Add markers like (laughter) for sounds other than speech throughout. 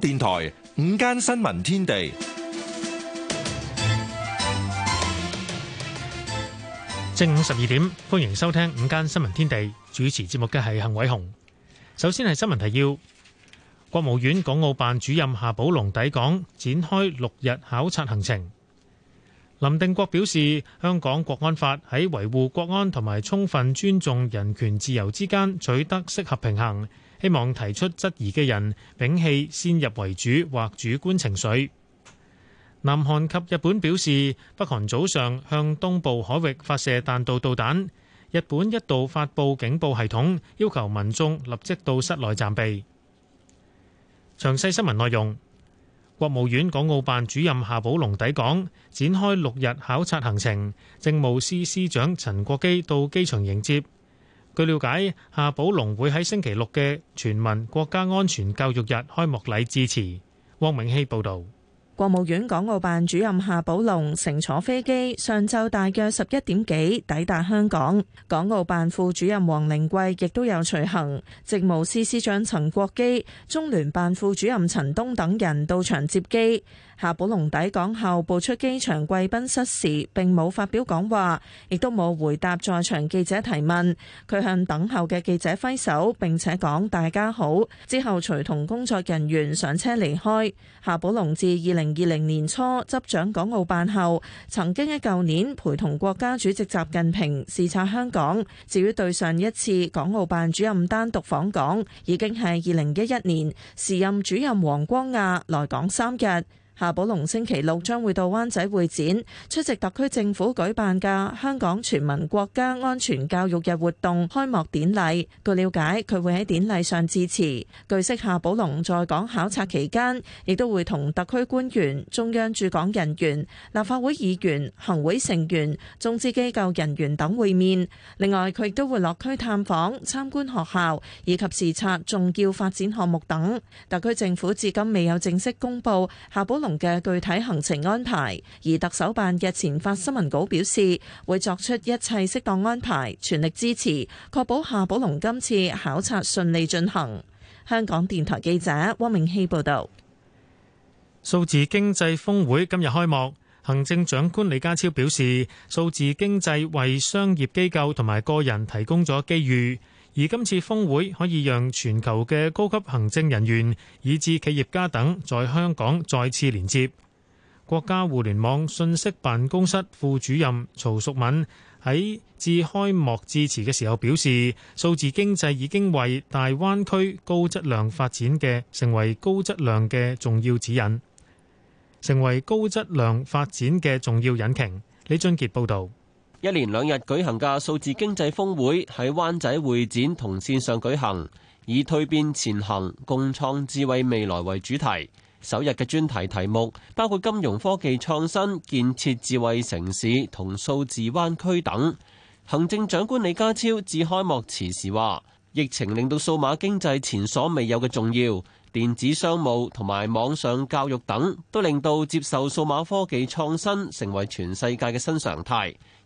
電台午間新聞天地，正午十二點，歡迎收聽午間新聞天地。主持節目嘅係幸偉雄。首先係新聞提要：國務院港澳辦主任夏寶龍抵港展開六日考察行程。林定國表示，香港國安法喺維護國安同埋充分尊重人權自由之間取得適合平衡。希望提出質疑嘅人摒棄先入為主或主觀情緒。南韓及日本表示，北韓早上向東部海域發射彈道導彈，日本一度發布警報系統，要求民眾立即到室內暫避。詳細新聞內容，國務院港澳辦主任夏寶龍抵港，展開六日考察行程，政務司司長陳國基到機場迎接。據了解，夏寶龍會喺星期六嘅全民國家安全教育日開幕禮致辭。汪明希報道，國務院港澳辦主任夏寶龍乘坐飛機，上晝大約十一點幾抵達香港。港澳辦副主任王靈桂亦都有隨行，政務司司長陳國基、中聯辦副主任陳東等人到場接機。夏寶龍抵港後步出機場貴賓室時，並冇發表講話，亦都冇回答在場記者提問。佢向等候嘅記者揮手，並且講大家好之後，隨同工作人員上車離開。夏寶龍自二零二零年初執掌港澳辦後，曾經喺舊年陪同國家主席習近平視察香港。至於對上一次港澳辦主任單獨訪港，已經係二零一一年，時任主任王光亞來港三日。夏寶龍星期六將會到灣仔會展出席特區政府舉辦嘅香港全民國家安全教育日活動開幕典禮。據了解，佢會喺典禮上致辭。據悉，夏寶龍在港考察期間，亦都會同特區官員、中央駐港人員、立法會議員、行會成員、中資機構人員等會面。另外，佢亦都會落區探訪、參觀學校以及視察重要發展項目等。特區政府至今未有正式公布夏寶龍嘅具體行程安排，而特首辦日前發新聞稿表示，會作出一切適當安排，全力支持，確保夏寶龍今次考察順利進行。香港電台記者汪明希報道。數字經濟峰會今日開幕，行政長官李家超表示，數字經濟為商業機構同埋個人提供咗機遇。而今次峰會可以讓全球嘅高級行政人員以至企業家等在香港再次連接。國家互聯網信息辦公室副主任曹淑敏喺致開幕致辭嘅時候表示，數字經濟已經為大灣區高質量發展嘅成為高質量嘅重要指引，成為高質量發展嘅重要引擎。李俊杰報道。一連兩日舉行嘅數字經濟峰會喺灣仔會展同線上舉行，以蛻變前行、共創智慧未來為主題。首日嘅專題題目包括金融科技創新、建設智慧城市同數字灣區等。行政長官李家超致開幕詞時話，疫情令到數碼經濟前所未有嘅重要，電子商務同埋網上教育等都令到接受數碼科技創新成為全世界嘅新常態。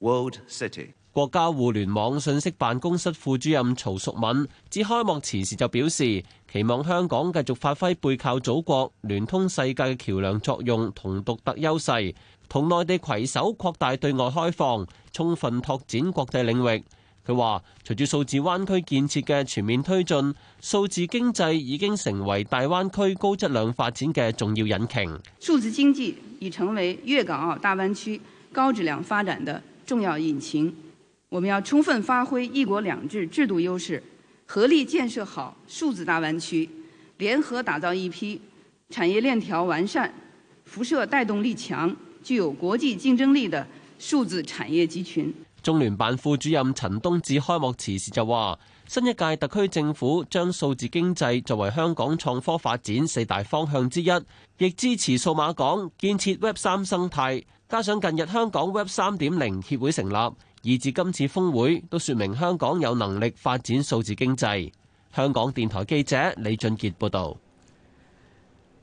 World City 國家互聯網信息辦公室副主任曹淑敏至開幕辭時就表示，期望香港繼續發揮背靠祖國、聯通世界嘅橋樑作用同獨特優勢，同內地攜手擴大對外開放，充分拓展國際領域。佢話：隨住數字灣區建設嘅全面推進，數字經濟已經成為大灣區高質量發展嘅重要引擎。數字經濟已成為粵港澳大灣區高質量發展的，發展的。重要引擎，我們要充分發揮“一國兩制”制度優勢，合力建設好數字大灣區，聯合打造一批產業鏈條完善、輻射帶動力強、具有國際競爭力的數字產業集群。中聯辦副主任陳冬致開幕詞時就話，新一屆特區政府將數字經濟作為香港創科發展四大方向之一，亦支持數碼港建設 Web 3生態。加上近日香港 Web 三點零協會成立，以至今次峰會，都說明香港有能力發展數字經濟。香港電台記者李俊杰報道。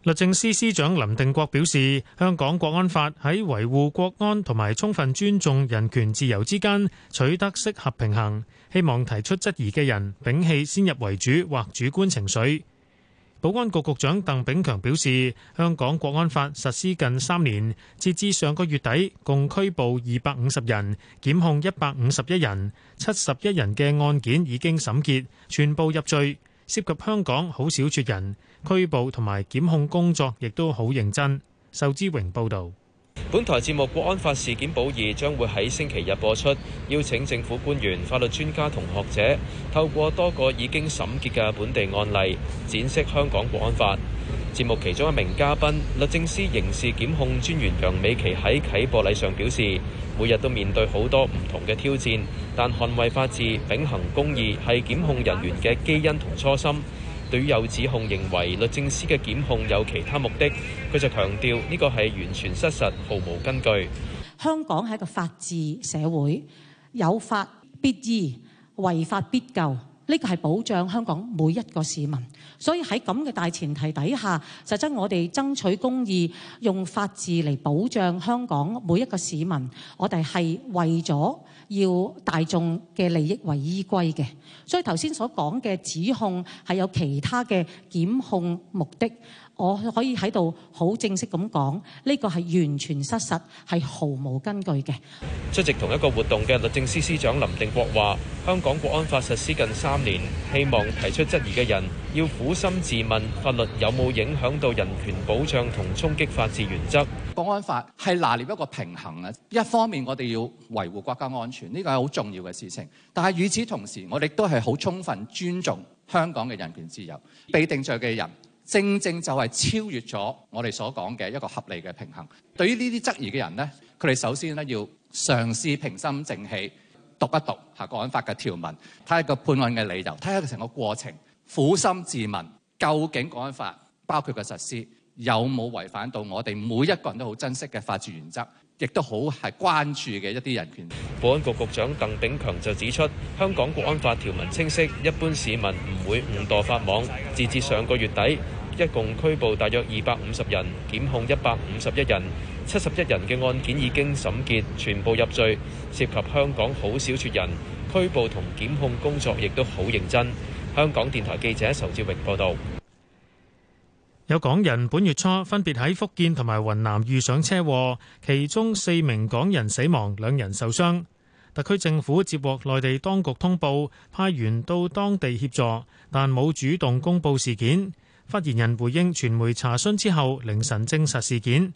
律政司司長林定國表示，香港國安法喺維護國安同埋充分尊重人權自由之間取得適合平衡，希望提出質疑嘅人摒棄先入為主或主觀情緒。保安局局長鄧炳強表示，香港國安法實施近三年，截至上個月底，共拘捕二百五十人，檢控一百五十一人，七十一人嘅案件已經審結，全部入罪，涉及香港好少絕人，拘捕同埋檢控工作亦都好認真。壽之榮報道。本台節目《國安法事件補二》將會喺星期日播出，邀請政府官員、法律專家同學者透過多個已經審結嘅本地案例，展示香港國安法。節目其中一名嘉賓律政司刑事檢控專員楊美琪喺啟播禮上表示，每日都面對好多唔同嘅挑戰，但捍衛法治、秉行公義係檢控人員嘅基因同初心。對於有指控認為律政司嘅檢控有其他目的，佢就強調呢個係完全失實，毫無根據。香港係一個法治社會，有法必依，違法必究。呢個係保障香港每一個市民，所以喺咁嘅大前提底下，實質我哋爭取公義，用法治嚟保障香港每一個市民，我哋係為咗要大眾嘅利益為依歸嘅。所以頭先所講嘅指控係有其他嘅檢控目的。我可以喺度好正式咁講，呢個係完全失實，係毫無根據嘅。出席同一個活動嘅律政司司長林定國話，香港國安法實施近三年，希望提出質疑嘅人要苦心自問，法律有冇影響到人權保障同衝擊法治原則。國安法係拿捏一個平衡啊！一方面我哋要維護國家安全，呢個係好重要嘅事情。但係與此同時，我哋都係好充分尊重香港嘅人權自由。被定罪嘅人，正正就係超越咗我哋所講嘅一個合理嘅平衡。對於呢啲質疑嘅人呢，佢哋首先呢，要嘗試平心靜氣，讀一讀下《國安法》嘅條文，睇下個判案嘅理由，睇下成個過程，苦心自問，究竟《國安法》包括嘅實施有冇違反到我哋每一個人都好珍惜嘅法治原則，亦都好係關注嘅一啲人權。保安局局長鄧炳強就指出，香港《國安法》條文清晰，一般市民唔會誤墮法網。直至上個月底，一共拘捕大約二百五十人，檢控一百五十一人，七十一人嘅案件已經審結，全部入罪，涉及香港好少撮人。拘捕同檢控工作亦都好認真。香港電台記者仇志榮報道：「有港人本月初分別喺福建同埋雲南遇上車禍，其中四名港人死亡，兩人受傷。特區政府接獲內地當局通報，派員到當地協助，但冇主動公佈事件。發言人回應傳媒查詢之後，凌晨證實事件。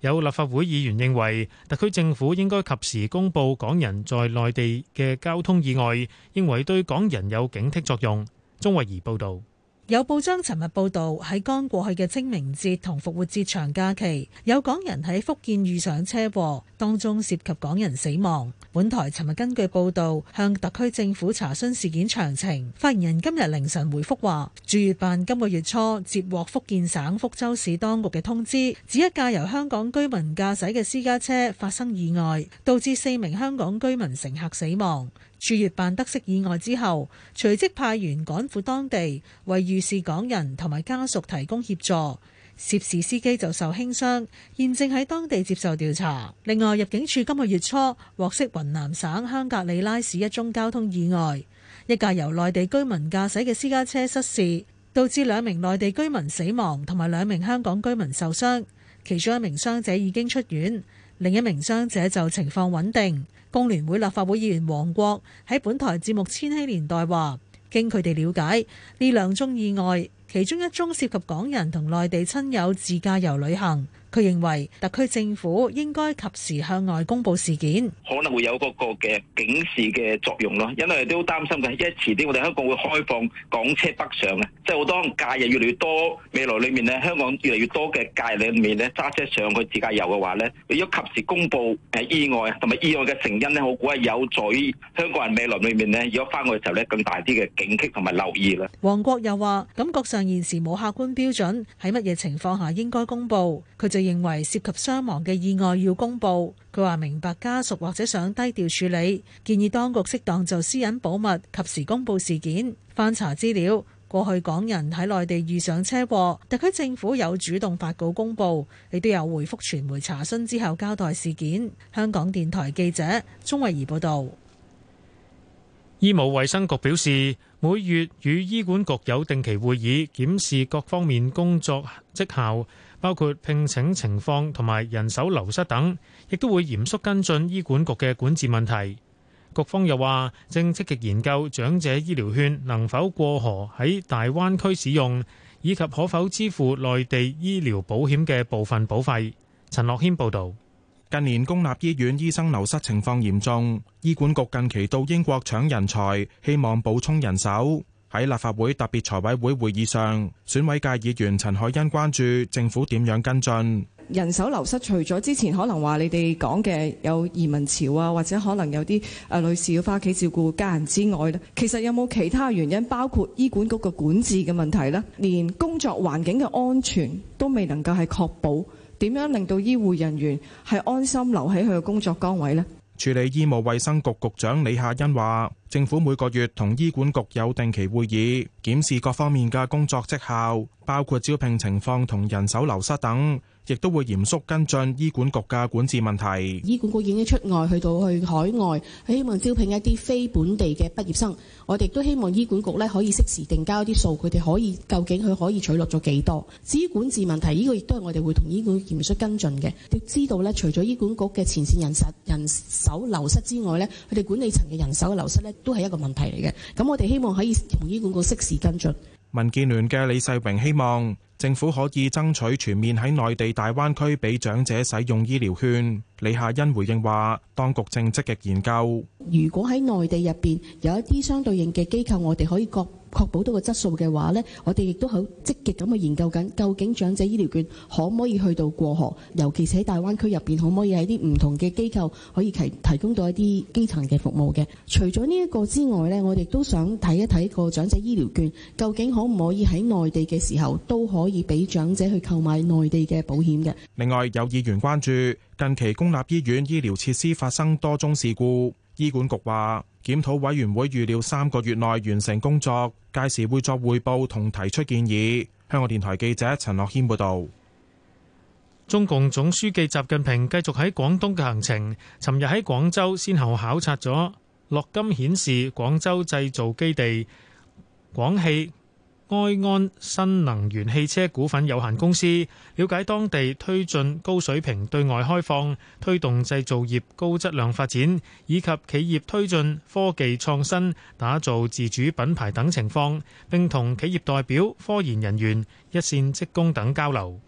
有立法會議員認為，特區政府應該及時公布港人在內地嘅交通意外，認為對港人有警惕作用。鐘慧儀報道。有報章尋日報道，喺剛過去嘅清明節同復活節長假期，有港人喺福建遇上車禍，當中涉及港人死亡。本台尋日根據報道，向特區政府查詢事件詳情，發言人今日凌晨回覆話，駐粵辦今個月初接獲福建省福州市當局嘅通知，指一架由香港居民駕駛嘅私家車發生意外，導致四名香港居民乘客死亡。駐粵辦得悉意外之後，隨即派員趕赴當地，為遇事港人同埋家屬提供協助。涉事司機就受輕傷，現正喺當地接受調查。另外，入境處今個月初獲悉雲南省香格里拉市一宗交通意外，一架由內地居民駕駛嘅私家車失事，導致兩名內地居民死亡同埋兩名香港居民受傷，其中一名傷者已經出院，另一名傷者就情況穩定。工聯會立法會議員黃國喺本台節目《千禧年代》話：經佢哋了解，呢兩宗意外，其中一宗涉及港人同內地親友自駕遊旅行。佢認為特區政府應該及時向外公布事件，可能會有嗰個嘅警示嘅作用咯，因為都擔心嘅。因為遲啲我哋香港會開放港車北上嘅，即係好多假日越嚟越多，未來裏面咧香港越嚟越多嘅假日裏面咧揸車上去自駕遊嘅話咧，如果及時公布誒意外同埋意外嘅成因咧，我估係有助於香港人未來裏面咧，如果翻去嘅時候咧更大啲嘅警惕同埋留意啦。黃國又話：感覺上現時冇客觀標準喺乜嘢情況下應該公布，佢就認為涉及傷亡嘅意外要公布。佢話明白家屬或者想低調處理，建議當局適當做私隱保密，及時公布事件。翻查資料，過去港人喺內地遇上車禍，特區政府有主動發稿公布，亦都有回覆傳媒查詢之後交代事件。香港電台記者鍾慧儀報道。醫務衛生局表示，每月與醫管局有定期會議，檢視各方面工作績效。包括聘請情況同埋人手流失等，亦都會嚴肅跟進醫管局嘅管治問題。局方又話，正積極研究長者醫療券能否過河喺大灣區使用，以及可否支付內地醫療保險嘅部分保費。陳樂軒報導，近年公立醫院醫生流失情況嚴重，醫管局近期到英國搶人才，希望補充人手。喺立法會特別財委會會議上，選委界議員陳凱欣關注政府點樣跟進人手流失。除咗之前可能話你哋講嘅有移民潮啊，或者可能有啲誒女士要翻屋企照顧家人之外呢，其實有冇其他原因？包括醫管局嘅管治嘅問題呢，連工作環境嘅安全都未能夠係確保，點樣令到醫護人員係安心留喺佢嘅工作崗位呢？署理醫務衛生局局長李夏茵話。政府每個月同醫管局有定期會議，檢視各方面嘅工作績效，包括招聘情況同人手流失等，亦都會嚴肅跟進醫管局嘅管治問題。醫管局已經出外去到去海外，佢希望招聘一啲非本地嘅畢業生。我哋都希望醫管局呢可以適時定交一啲數，佢哋可以究竟佢可以取錄咗幾多？至於管治問題，呢個亦都係我哋會同醫管局嚴肅跟進嘅。要知道呢，除咗醫管局嘅前線人實人手流失之外呢，佢哋管理層嘅人手嘅流失咧，都係一個問題嚟嘅，咁我哋希望可以同醫管局適時跟進。民建聯嘅李世榮希望政府可以爭取全面喺內地大灣區俾長者使用醫療券。李夏欣回應話：當局正積極研究，如果喺內地入邊有一啲相對應嘅機構，我哋可以各，確保到個質素嘅話呢，我哋亦都好積極咁去研究緊，究竟長者醫療券可唔可以去到過河？尤其喺大灣區入邊，可唔可以喺啲唔同嘅機構可以提提供到一啲基層嘅服務嘅？除咗呢一個之外呢，我哋都想睇一睇個長者醫療券，究竟可唔可以喺內地嘅時候都可以俾長者去購買內地嘅保險嘅？另外，有議員關注近期公立醫院醫療設施發生多宗事故。醫管局話，檢討委員會預料三個月內完成工作，屆時會作匯報同提出建議。香港電台記者陳樂謙報道。中共總書記習近平繼續喺廣東嘅行程，尋日喺廣州先後考察咗落金顯示廣州製造基地、廣汽埃安新能源汽車股份有限公司了解當地推進高水平對外開放、推動製造業高質量發展以及企業推進科技創新、打造自主品牌等情況，並同企業代表、科研人員、一線職工等交流。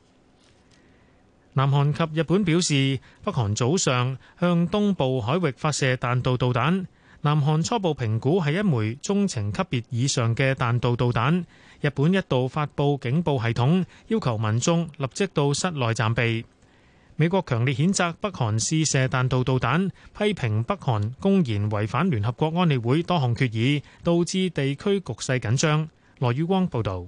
南韓及日本表示，北韓早上向東部海域發射彈道導彈，南韓初步評估係一枚中程級別以上嘅彈道導彈。日本一度發布警報系統，要求民眾立即到室內暫避。美國強烈譴責北韓試射彈道導彈，批評北韓公然違反聯合國安理會多項決議，導致地區局勢緊張。羅宇光報導。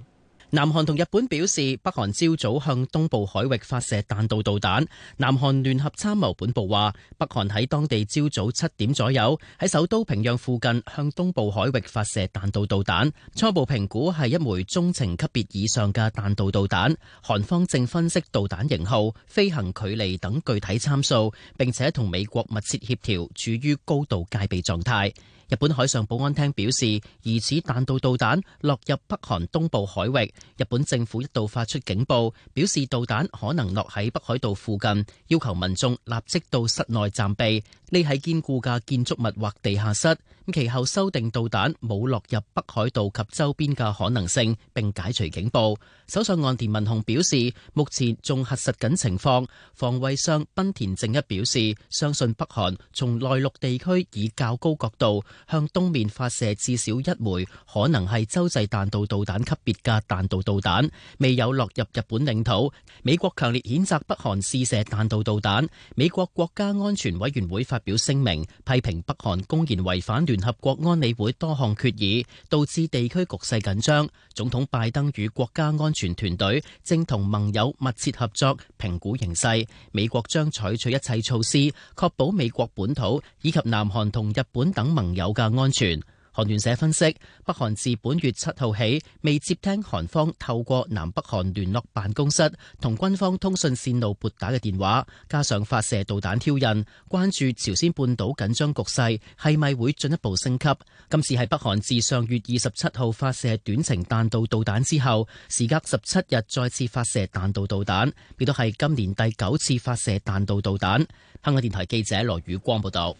南韓同日本表示，北韓朝早向東部海域發射彈道導彈。南韓聯合參謀本部話，北韓喺當地朝早七點左右喺首都平壤附近向東部海域發射彈道導彈，初步評估係一枚中程級別以上嘅彈道導彈。韓方正分析導彈型號、飛行距離等具體參數，並且同美國密切協調，處於高度戒備狀態。日本海上保安廳表示，疑似彈道導彈落入北韓東部海域。日本政府一度發出警報，表示導彈可能落喺北海道附近，要求民眾立即到室內暫避，匿喺堅固嘅建築物或地下室。其後修訂導彈冇落入北海道及周邊嘅可能性，並解除警報。首相岸田文雄表示，目前仲核實緊情況。防衛相濱田正一表示，相信北韓從內陸地區以較高角度向東面發射至少一枚可能係洲際彈道導彈級別嘅彈道導彈，未有落入日本領土。美國強烈譴責北韓試射彈道導彈。美國國家安全委員會發表聲明，批評北韓公然違反聯。聯合國安理會多項決議，導致地區局勢緊張。總統拜登與國家安全團隊正同盟友密切合作評估形勢。美國將採取一切措施，確保美國本土以及南韓同日本等盟友嘅安全。韓聯社分析，北韓自本月七號起未接聽韓方透過南北韓聯絡辦公室同軍方通訊線路撥打嘅電話，加上發射導彈挑釁，關注朝鮮半島緊張局勢係咪會進一步升級？今次係北韓自上月二十七號發射短程彈道導彈之後，時隔十七日再次發射彈道導彈，亦都係今年第九次發射彈道導彈。香港電台記者羅宇光報道。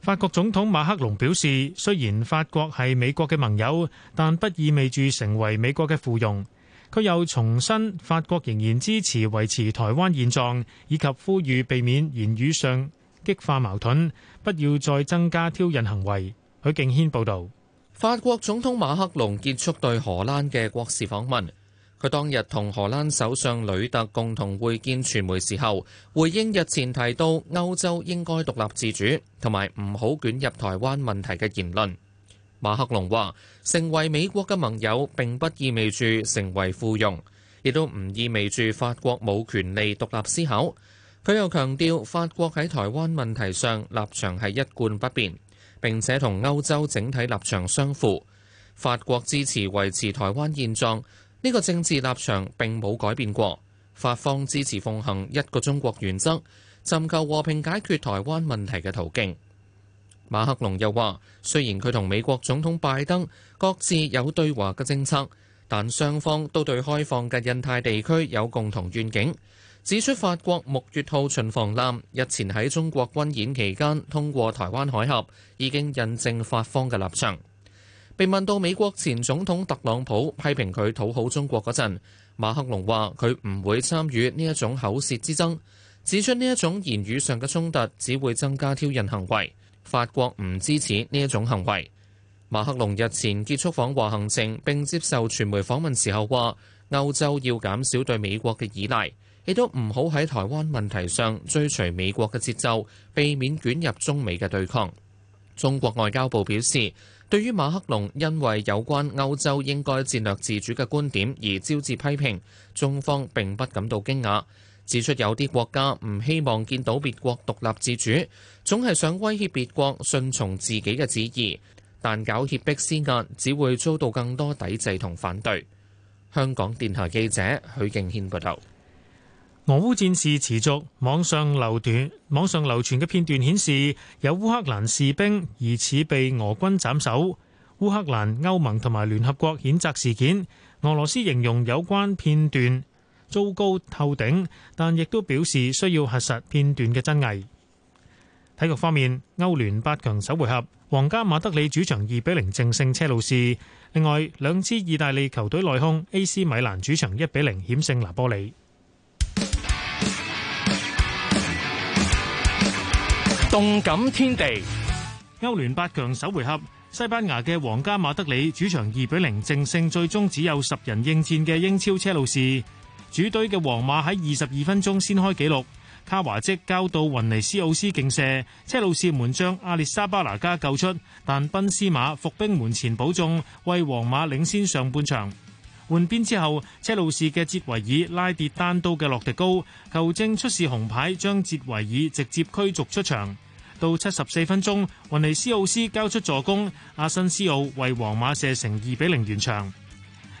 法國總統馬克龍表示，雖然法國係美國嘅盟友，但不意味住成為美國嘅附庸。佢又重申，法國仍然支持維持台灣現狀，以及呼籲避免言語上激化矛盾，不要再增加挑釁行為。許敬軒報道。法國總統馬克龍結束對荷蘭嘅國事訪問。佢當日同荷蘭首相呂特共同會見傳媒時候，回應日前提到歐洲應該獨立自主，同埋唔好捲入台灣問題嘅言論。馬克龍話：成為美國嘅盟友並不意味住成為附庸，亦都唔意味住法國冇權利獨立思考。佢又強調法國喺台灣問題上立場係一貫不變，並且同歐洲整體立場相符。法國支持維持台灣現狀。呢個政治立場並冇改變過，法方支持奉行一個中國原則，尋求和平解決台灣問題嘅途徑。馬克龍又話：雖然佢同美國總統拜登各自有對華嘅政策，但雙方都對開放嘅印太地區有共同願景。指出法國牧月號巡防艦日前喺中國軍演期間通過台灣海峽，已經印證法方嘅立場。被問到美國前總統特朗普批評佢討好中國嗰陣，馬克龍話佢唔會參與呢一種口舌之爭，指出呢一種言語上嘅衝突，只會增加挑釁行為。法國唔支持呢一種行為。馬克龍日前結束訪華行程並接受傳媒訪問時候話，歐洲要減少對美國嘅依賴，亦都唔好喺台灣問題上追隨美國嘅節奏，避免捲入中美嘅對抗。中國外交部表示，對於馬克龍因為有關歐洲應該戰略自主嘅觀點而招致批評，中方並不感到驚訝，指出有啲國家唔希望見到別國獨立自主，總係想威脅別國順從自己嘅旨意，但搞脅迫施壓只會遭到更多抵制同反對。香港電台記者許敬軒報道。俄烏戰事持續，網上流段網上流傳嘅片段顯示有烏克蘭士兵疑似被俄軍斬首。烏克蘭、歐盟同埋聯合國譴責事件。俄羅斯形容有關片段糟糕透頂，但亦都表示需要核實片段嘅真偽。體育方面，歐聯八強首回合，皇家馬德里主場二比零正勝車路士。另外，兩支意大利球隊內訌，A.C. 米蘭主場一比零險勝拿波里。動感天地，歐聯八強首回合，西班牙嘅皇家馬德里主場二比零淨勝最終只有十人應戰嘅英超車路士。主隊嘅皇馬喺二十二分鐘先開紀錄，卡華即交到雲尼斯奧斯勁射，車路士門將阿列沙巴拿加救出，但賓斯馬伏兵門前保中，為皇馬領先上半場。換邊之後，車路士嘅捷維爾拉跌單刀嘅洛迪高，球證出示紅牌將捷維爾直接驅逐出場。到七十四分鐘，雲尼斯奧斯交出助攻，阿申斯奧為皇馬射成二比零完場。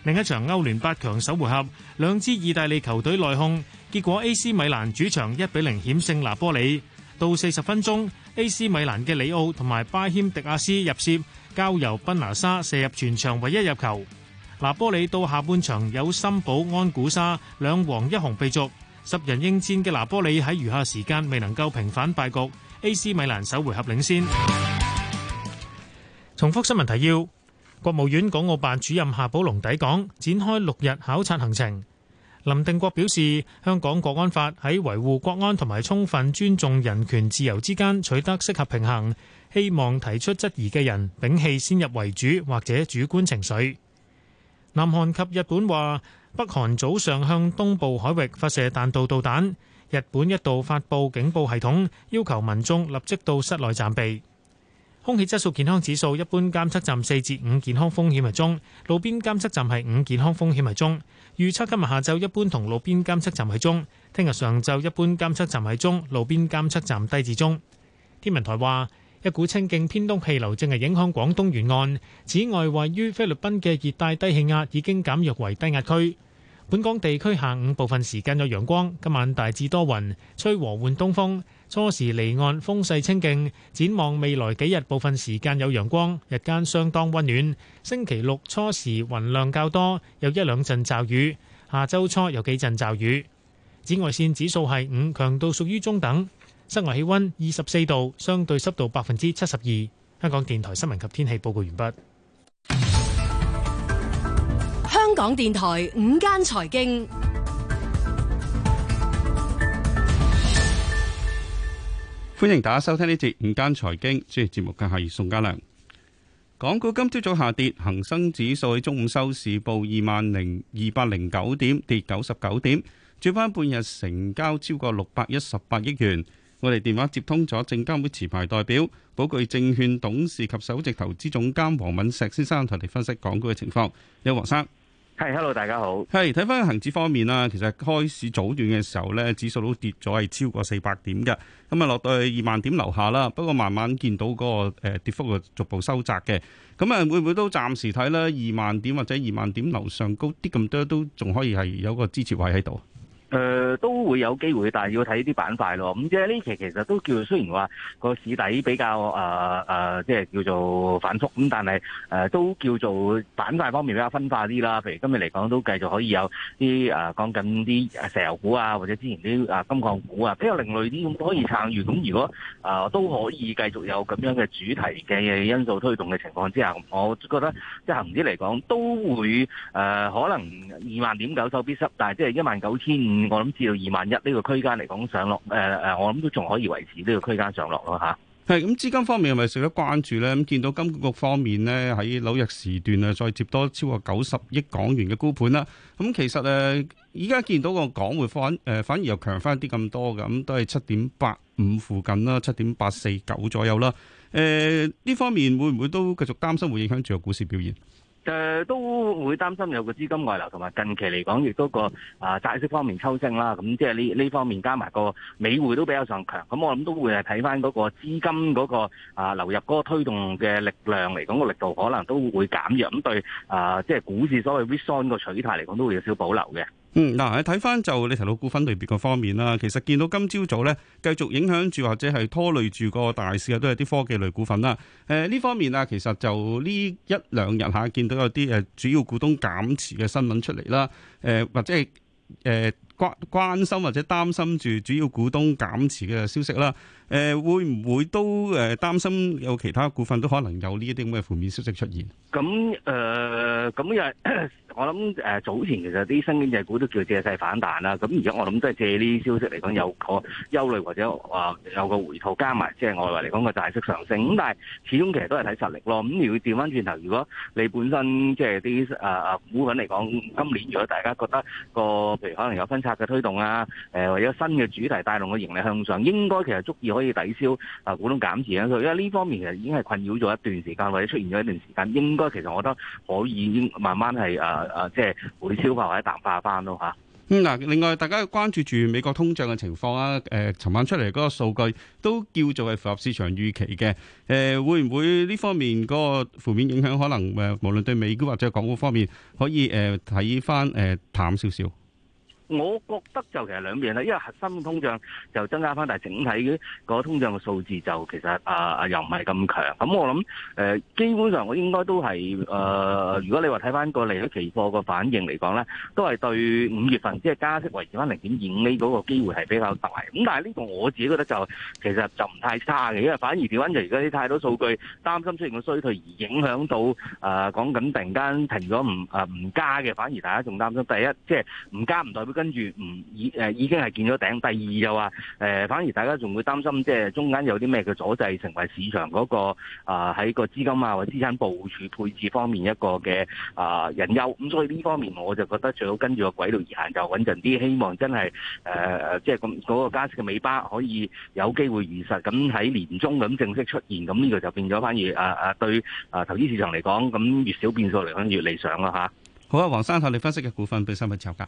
另一場歐聯八強首回合，兩支意大利球隊內訌，結果 A.C. 米蘭主場一比零險勝拿波里。到四十分鐘，A.C. 米蘭嘅里奧同埋巴謙迪亞斯入楔，交由賓拿沙射入全場唯一入球。拿波里到下半場有森保安古沙兩黃一紅被逐，十人應戰嘅拿波里喺餘下時間未能夠平反敗局。A. C. 米蘭首回合領先。 (noise) 重複新聞提要：國務院港澳辦主任夏寶龍抵港，展開六日考察行程。林定國表示，香港國安法喺維護國安同埋充分尊重人權自由之間取得適合平衡，希望提出質疑嘅人摒棄先入為主或者主觀情緒。南韓及日本話，北韓早上向東部海域發射彈道導彈。日本一度發佈警報系統，要求民眾立即到室內暫避。空氣質素健康指數一般監測站四至五，健康風險為中；路邊監測站係五，健康風險為中。預測今日下晝一般同路邊監測站係中，聽日上晝一般監測站係中，路邊監測站低至中。天文台話。一股清勁偏東氣流正係影響廣東沿岸，此外位於菲律賓嘅熱帶低氣壓已經減弱為低壓區，本港地區下午部分時間有陽光，今晚大致多雲，吹和緩東風，初時離岸風勢清勁。展望未來幾日部分時間有陽光，日間相當溫暖。星期六初時雲量較多，有一兩陣驟雨，下周初有幾陣驟雨。紫外線指數係五，強度屬於中等。室外氣溫二十四度，相對濕度百分之七十二。香港電台新聞及天氣報告完畢。香港電台午間財經，歡迎大家收聽呢節午間財經。主持節目嘅係宋家良。港股今朝早下跌，恒生指數喺中午收市報二萬零二百零九點，跌九十九點。主板半日成交超過六百一十八億元。我哋電話接通咗證監會持牌代表寶具證券董事及首席投資總監黃敏石先,先生，同你分析港股嘅情況。有黃生，係，hello，大家好。係，睇返恒指方面啦，其實開始早段嘅時候咧，指數都跌咗係超過四百點嘅，咁啊落到去二萬點樓下啦。不過慢慢見到嗰個誒跌幅啊，逐步收窄嘅。咁啊，會唔會都暫時睇咧二萬點或者二萬點樓上高啲咁多，都仲可以係有個支持位喺度。誒、呃，都會有機會，但係要睇啲板塊咯。咁即係呢期其實都叫做，雖然話個市底比較誒誒，即、呃、係、呃、叫做反復，咁但係誒、呃、都叫做板塊方面比較分化啲啦。譬如今日嚟講，都繼續可以有啲誒，講緊啲石油股啊，或者之前啲誒金礦股啊，比較另類啲，咁可以撐住。咁如果誒、呃、都可以繼續有咁樣嘅主題嘅因素推動嘅情況之下，我覺得即係恒指嚟講都會誒、呃，可能二萬點九手必失，但係即係一萬九千，我諗至到二萬一呢個區間嚟講上落，誒、呃、誒，我諗都仲可以維持呢個區間上落咯嚇。係咁資金方面係咪值得關注咧？咁見到金管局方面呢，喺紐約時段啊，再接多超過九十億港元嘅沽盤啦。咁其實誒，依家見到個港匯反誒、呃、反而又強翻啲咁多嘅，咁都係七點八五附近啦，七點八四九左右啦。誒、呃、呢方面會唔會都繼續擔心會影響住個股市表現？誒都會擔心有個資金外流，同埋近期嚟講亦都個啊、呃、債息方面抽升啦。咁即係呢呢方面加埋個美匯都比較上強。咁我諗都會係睇翻嗰個資金嗰、嗰個啊、呃、流入嗰個推動嘅力量嚟講、嗰個力度可能都會減弱。咁對啊，即、呃、係、就是、股市所謂 risk-on 個取態嚟講都會有少保留嘅。嗯，嗱，睇翻就你提到股份類別嗰方面啦，其實見到今朝早咧繼續影響住或者係拖累住個大市嘅都係啲科技類股份啦。誒、呃，呢方面啊，其實就呢一兩日吓，見到有啲誒主要股東減持嘅新聞出嚟啦，誒、呃、或者係誒關關心或者擔心住主要股東減持嘅消息啦。誒會唔會都誒擔心有其他股份都可能有呢啲咁嘅負面消息，息出現？咁誒咁又我諗誒、呃、早前其實啲新經濟股都叫借勢反彈啦。咁而家我諗都係借呢啲消息嚟講有個憂慮或者話、啊、有個回吐，加埋即係外圍嚟講個債息上升。咁但係始終其實都係睇實力咯。咁如果調翻轉頭，如果你本身即係啲誒誒股份嚟講，今年如果大家覺得個譬如可能有分拆嘅推動啊，誒、呃、或者新嘅主題帶動嘅盈利向上，應該其實足以。可以抵消啊，股東減持啊，因為呢方面其實已經係困擾咗一段時間，或者出現咗一段時間，應該其實我覺得可以慢慢係誒誒，即係會消化或者淡化翻咯吓，咁嗱，另外大家關注住美國通脹嘅情況啊，誒、呃，尋晚出嚟嗰個數據都叫做係符合市場預期嘅。誒、呃，會唔會呢方面嗰個負面影響可能誒，無論對美股或者港股方面，可以誒睇翻誒淡少少。我覺得就其實兩邊啦，因為核心通脹就增加翻，但係整體嗰通脹嘅數字就其實啊啊、呃、又唔係咁強。咁、嗯、我諗誒、呃、基本上我應該都係誒、呃，如果你話睇翻個利率期貨個反應嚟講咧，都係對五月份即係加息維持翻零點二五厘嗰個機會係比較大。咁、嗯、但係呢個我自己覺得就其實就唔太差嘅，因為反而調溫就而家啲太多數據擔心出現個衰退而影響到誒講緊突然間停咗唔誒唔加嘅，反而大家仲擔心第一即係唔加唔代表。跟住唔已誒，已經係見咗頂。第二就話誒、呃，反而大家仲會擔心，即係中間有啲咩嘅阻滯，成為市場嗰、那個啊喺、呃、個資金啊或資產部署配置方面一個嘅啊、呃、隱憂。咁所以呢方面，我就覺得最好跟住個軌道而行，就穩陣啲。希望真係誒誒，即係咁嗰個加息嘅尾巴可以有機會如實咁喺年中咁正式出現。咁呢個就變咗反而啊啊，對啊投資市場嚟講，咁越少變數嚟講越，越理想啦。吓、啊，好啊，黃生睇你分析嘅股份俾三匹插格。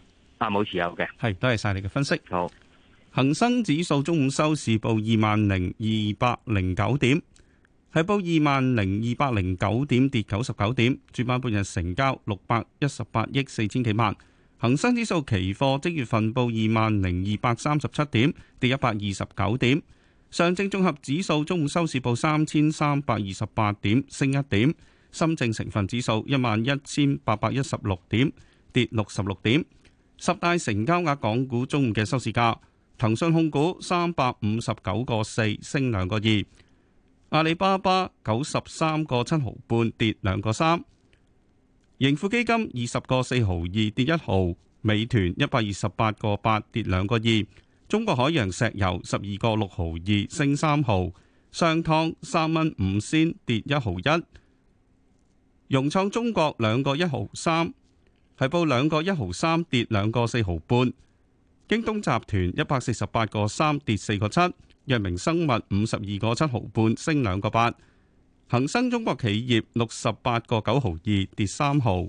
冇時候嘅係，多謝晒你嘅分析。好，恒生指數中午收市報二萬零二百零九點，喺報二萬零二百零九點，跌九十九點。主板半日成交六百一十八億四千幾萬。恒生指數期貨即月份報二萬零二百三十七點，跌一百二十九點。上證綜合指數中午收市報三千三百二十八點，升一點。深證成分指數一萬一千八百一十六點，跌六十六點。十大成交額港股中午嘅收市價：騰訊控股三百五十九個四升兩個二，阿里巴巴九十三個七毫半跌兩個三，盈富基金二十個四毫二跌一毫，美團一百二十八個八跌兩個二，中國海洋石油十二個六毫二升三毫，商湯三蚊五仙跌一毫一，融創中國兩個一毫三。係報兩個一毫三，跌兩個四毫半。京東集團一百四十八個三，跌四個七。藥明生物五十二個七毫半，升兩個八。恒生中國企業六十八個九毫二，跌三毫。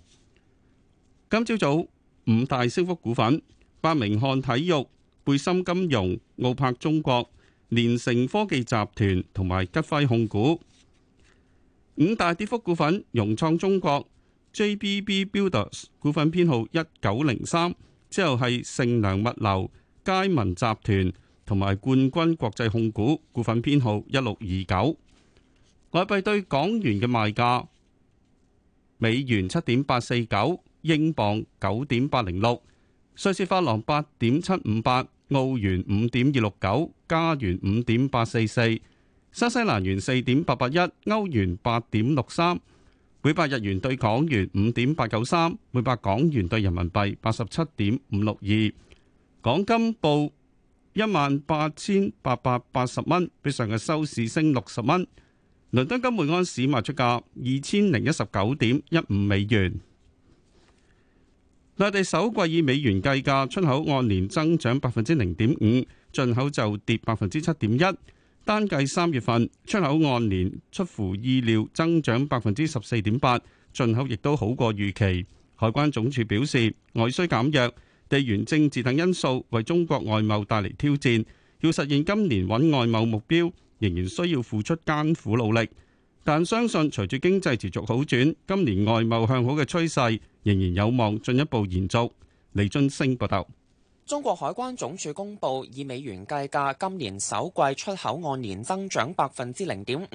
今朝早五大升幅股份：八明漢體育、貝森金融、奧柏中國、連成科技集團同埋吉輝控股。五大跌幅股份：融創中國。JBB Builders 股份編號一九零三，之後係盛良物流、佳文集團同埋冠軍國際控股股份編號一六二九。外幣對港元嘅賣價：美元七點八四九，英鎊九點八零六，瑞士法郎八點七五八，澳元五點二六九，加元五點八四四，新西蘭元四點八八一，歐元八點六三。每百日元兌港元五點八九三，每百港元兌人民幣八十七點五六二。港金報一萬八千八百八十蚊，比上日收市升六十蚊。倫敦金每安士賣出價二千零一十九點一五美元。內地首季以美元計價出口按年增長百分之零點五，進口就跌百分之七點一。單計三月份出口按年出乎意料增長百分之十四點八，進口亦都好過預期。海關總署表示，外需減弱、地緣政治等因素為中國外貿帶嚟挑戰，要實現今年穩外貿目標，仍然需要付出艱苦努力。但相信隨住經濟持續好轉，今年外貿向好嘅趨勢仍然有望進一步延續。李俊升報道。中國海關總署公布，以美元計價，今年首季出口按年增長百分之零點五，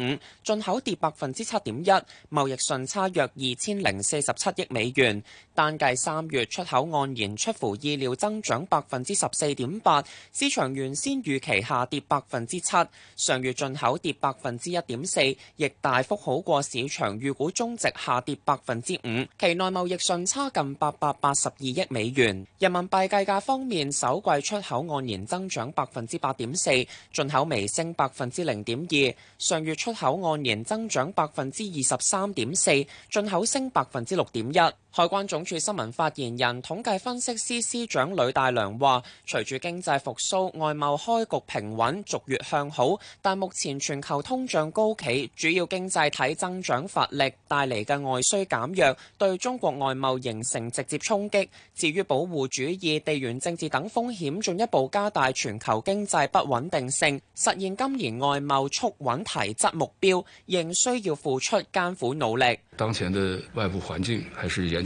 進口跌百分之七點一，貿易順差約二千零四十七億美元。單計三月出口按年出乎意料增長百分之十四點八，市場原先預期下跌百分之七。上月進口跌百分之一點四，亦大幅好過市場預估中值下跌百分之五。期內貿易順差近八百八十二億美元。人民幣計價方面，年首季出口按年增長百分之八點四，進口微升百分之零點二。上月出口按年增長百分之二十三點四，進口升百分之六點一。海關總署新聞發言人、統計分析司司長呂大良話：隨住經濟復甦，外貿開局平穩，逐月向好，但目前全球通脹高企，主要經濟體增長乏力，帶嚟嘅外需減弱，對中國外貿形成直接衝擊。至於保護主義、地緣政治等風險，進一步加大全球經濟不穩定性，實現今年外貿促穩提質目標，仍需要付出艱苦努力。當前的外部環境還是嚴。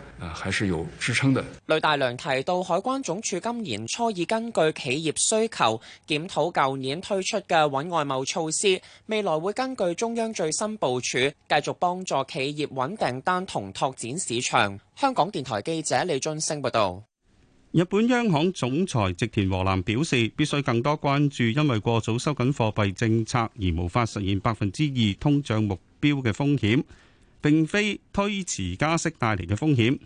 啊，還是有支撐的。雷大良提到，海關總署今年初已根據企業需求檢討舊年推出嘅穩外貿措施，未來會根據中央最新部署，繼續幫助企業穩訂單同拓展市場。香港電台記者李津升報導。日本央行總裁植田和男表示，必須更多關注因為過早收緊貨幣政策而無法實現百分之二通脹目標嘅風險。並非推遲加息帶嚟嘅風險。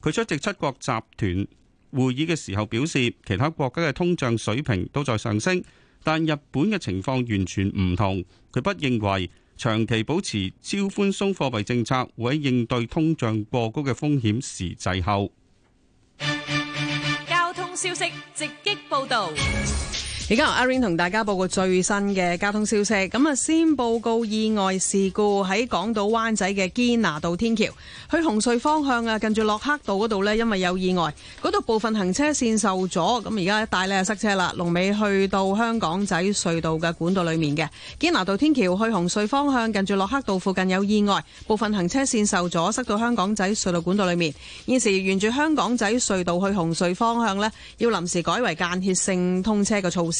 佢出席七國集團會議嘅時候表示，其他國家嘅通脹水平都在上升，但日本嘅情況完全唔同。佢不認為長期保持超寬鬆貨幣政策會喺應對通脹過高嘅風險時滯後。交通消息直擊報道。而家由阿 Ring 同大家報告最新嘅交通消息。咁啊，先報告意外事故，喺港島灣仔嘅堅拿道天橋去紅隧方向啊，近住洛克道嗰度呢，因為有意外，嗰度部分行車綫受阻，咁而家一帶呢就塞車啦，龍尾去到香港仔隧道嘅管道裏面嘅堅拿道天橋去紅隧方向，近住洛克道附近有意外，部分行車綫受阻，塞到香港仔隧道管道裏面。現時沿住香港仔隧道去紅隧方向呢，要臨時改為間歇性通車嘅措施。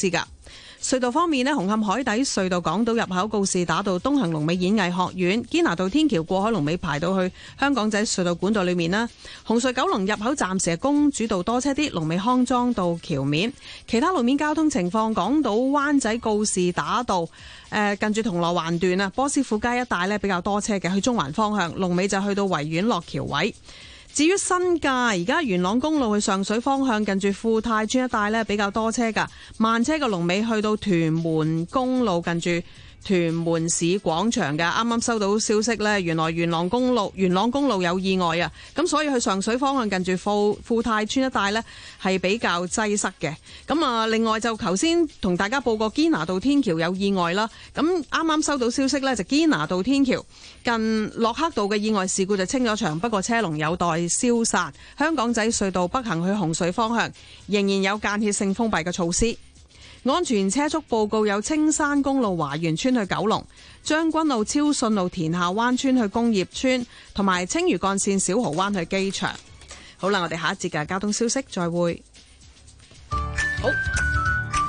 隧道方面咧，紅磡海底隧道港島入口告士打道東行龍尾演藝學院堅拿道天橋過海龍尾排到去香港仔隧道管道裏面啦。紅隧九龍入口暫時係公主道多車啲，龍尾康莊道橋面。其他路面交通情況，港島灣仔告士打道誒、呃，近住銅鑼灣段啊，波斯富街一帶咧比較多車嘅，去中環方向龍尾就去到維園落橋位。至於新界，而家元朗公路去上水方向，近住富泰村一帶呢，比較多車㗎，慢車嘅龍尾去到屯門公路近住。屯門市廣場嘅。啱啱收到消息呢，原來元朗公路，元朗公路有意外啊，咁所以去上水方向近住富富泰村一帶呢，係比較擠塞嘅。咁啊，另外就頭先同大家報過堅拿道天橋有意外啦。咁啱啱收到消息呢，就堅拿道天橋近洛克道嘅意外事故就清咗場，不過車龍有待消散。香港仔隧道北行去洪水方向仍然有間歇性封閉嘅措施。安全車速報告有青山公路華源村去九龍將軍路、超順路、田下灣村去工業村，同埋青嶼幹線小蠔灣去機場。好啦，我哋下一節嘅交通消息，再會。好，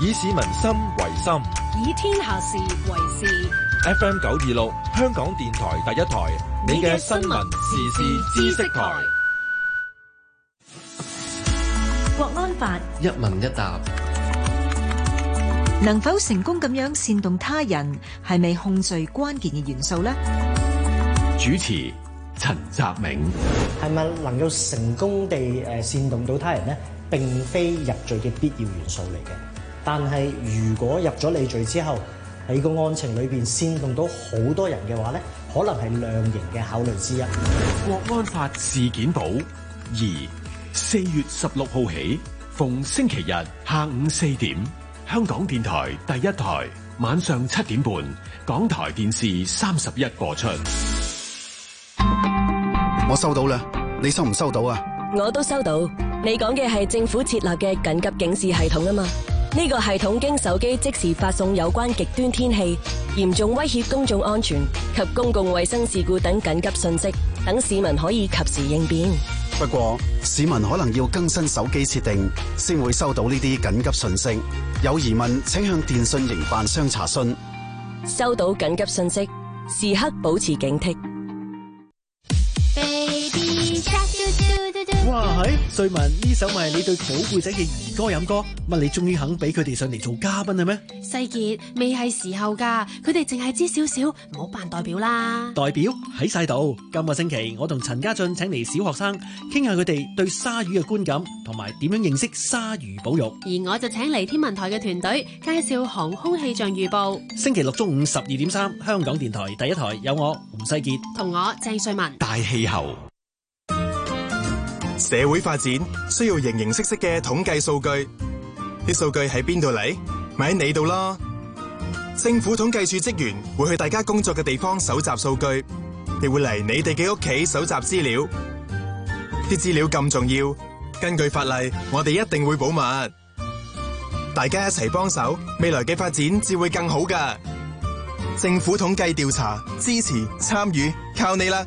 以市民心為心，以天下事為事。F M 九二六，香港電台第一台，你嘅新聞時事知識台，國安法一問一答。能否成功咁樣煽動他人，係咪控罪關鍵嘅元素呢？主持陳澤明，係咪能夠成功地誒煽動到他人呢？並非入罪嘅必要元素嚟嘅。但係如果入咗你罪之後，喺個案情裏邊煽動到好多人嘅話呢，可能係量刑嘅考慮之一。國安法事件簿二，四月十六號起，逢星期日下午四點。香港電台第一台，晚上七點半，港台電視三十一播出。我收到啦，你收唔收到啊？我都收到。你講嘅係政府設立嘅緊急警示系統啊嘛？呢個系統經手機即時發送有關極端天氣、嚴重威脅公眾安全及公共衛生事故等緊急信息，等市民可以及時應變。不過市民可能要更新手機設定，先會收到呢啲緊急訊息。有疑問，請向電訊營辦商查詢。收到緊急信息，時刻保持警惕。瑞文，呢首咪你對寶貝仔嘅兒歌、飲歌，乜你終於肯俾佢哋上嚟做嘉賓啦咩？世杰，未係時候㗎，佢哋淨係知少少，唔好扮代表啦。代表喺晒度，今個星期我同陳家俊請嚟小學生，傾下佢哋對鯊魚嘅觀感，同埋點樣認識鯊魚保育。而我就請嚟天文台嘅團隊，介紹航空氣象預報。星期六中午十二點三，香港電台第一台有我吳世杰，同我鄭瑞文，大氣候。社會發展需要形形色色嘅統計數據，啲數據喺邊度嚟？咪喺你度咯。政府統計處職員會去大家工作嘅地方搜集數據，亦會嚟你哋嘅屋企搜集資料。啲資料咁重要，根據法例，我哋一定會保密。大家一齊幫手，未來嘅發展至會更好噶。政府統計調查，支持參與，靠你啦！